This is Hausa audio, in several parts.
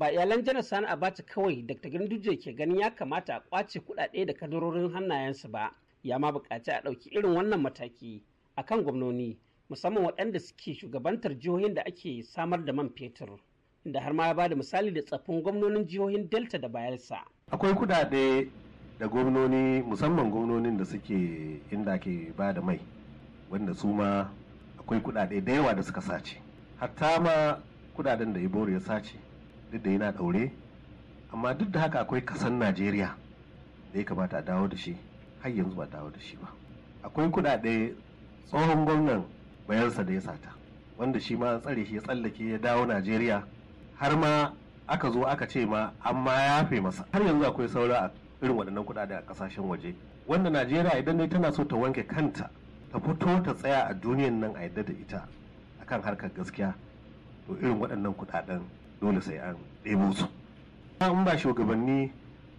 ba iyalan janar sani abacha kawai dr ganduje ke ganin ya kamata a kwace kudade da kadarorin hannayensu ba ya ma bukaci a ɗauki irin wannan mataki akan gwamnoni musamman waɗanda suke shugabantar jihohin da ake samar da man fetur da har ma ya bada misali da tsaffin gwamnonin jihohin delta da bayelsa akwai kudade da gwamnoni musamman gwamnonin da suke inda ke ba da mai wanda su ma akwai kudade da yawa da suka sace hatta ma kudaden da ibori ya sace duk da yana daure amma duk da haka akwai kasan najeriya da ya kamata a dawo da shi har yanzu ba dawo da shi ba akwai kuɗaɗe tsohon gwamnan bayansa da ya sata wanda shi ma tsare shi ya tsallake ya dawo najeriya har ma aka zo aka ce ma amma ya masa har yanzu akwai saura a irin waɗannan kuɗaɗe a ƙasashen waje wanda najeriya idan dai tana so ta wanke kanta ta fito ta tsaya a duniyan nan a yadda da ita akan harkar gaskiya to irin waɗannan kuɗaɗen dole sai an ɗebo su in ba shugabanni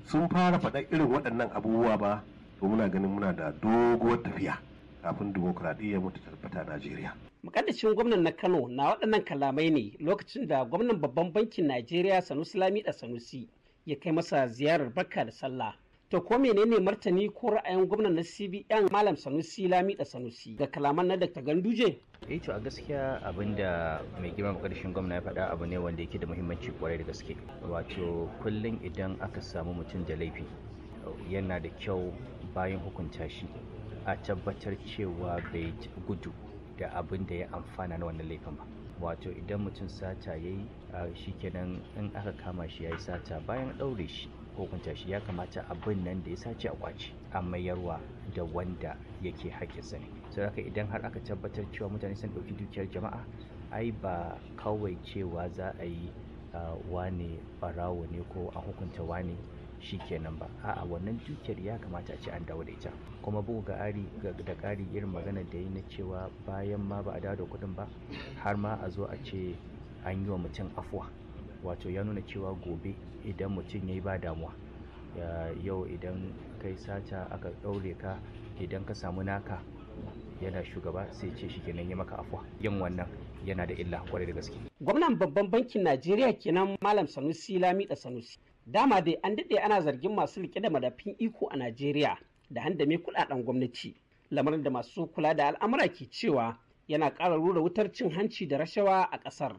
sun fara faɗa irin waɗannan abubuwa ba to muna ganin muna da doguwar tafiya kafin dimokuraɗiyya mutu tabbata Najeriya. Mukaddashin gwamnan na Kano na waɗannan kalamai ne lokacin da gwamnan babban bankin Najeriya Sanusi Lami da Sanusi ya kai masa ziyarar bakka da sallah. To ko menene martani ko ra'ayin gwamnan na CBN Malam Sanusi Lami da Sanusi ga kalaman na Dr. Ganduje? Eh to a gaskiya abinda mai girma karshen gwamna ya faɗa abu ne wanda yake da muhimmanci kwarai da gaske. Wato kullum idan aka samu mutum da laifi yana da kyau bayan hukunta shi a tabbatar cewa bai gudu da abin da ya amfana na wannan laifin ba wato idan mutum sata ya yi kenan in aka kama shi ya yi sata bayan ɗaure shi hukunta shi ya kamata abin nan da ya sace a kwaci a mayarwa da wanda yake haƙƙinsa ne sai haka idan har aka tabbatar cewa mutane sun ɗauki dukiyar jama'a ai ba kawai cewa za a yi wane barawo ne ko a hukunta wane shi kenan ba a'a wannan dukiyar ya kamata a ce an dawo da ita kuma bugu ga ƙari da ƙari irin magana da yi na cewa bayan ma ba a dawo da kuɗin ba har ma a zo a ce an yi wa mutum afuwa wato ya nuna cewa gobe idan mutum ya yi ba damuwa yau idan kai sata aka ɗaure ka idan ka samu naka yana shugaba sai ce shi nan yi maka afuwa yin wannan yana da illa kwarai da gaske gwamnan babban bankin najeriya kenan malam sanusi lami da sanusi dama dai an daɗe ana zargin masu rike da madafin iko a najeriya da handame kuɗaɗen gwamnati lamarin da masu kula da al'amura ke cewa yana ƙara rura wutar cin hanci da rashawa a ƙasar